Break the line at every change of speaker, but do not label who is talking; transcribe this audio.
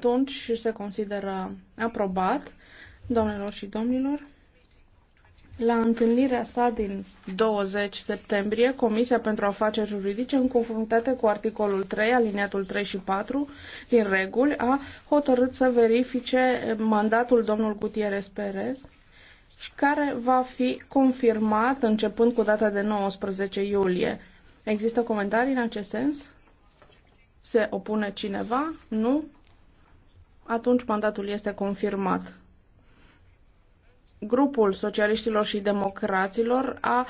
atunci și se consideră aprobat, doamnelor și domnilor. La întâlnirea sa din 20 septembrie, Comisia pentru Afaceri Juridice, în conformitate cu articolul 3, aliniatul 3 și 4 din reguli, a hotărât să verifice mandatul domnul Gutierrez Perez, care va fi confirmat începând cu data de 19 iulie. Există comentarii în acest sens? Se opune cineva? Nu? atunci mandatul este confirmat. Grupul
Socialiștilor și Democraților a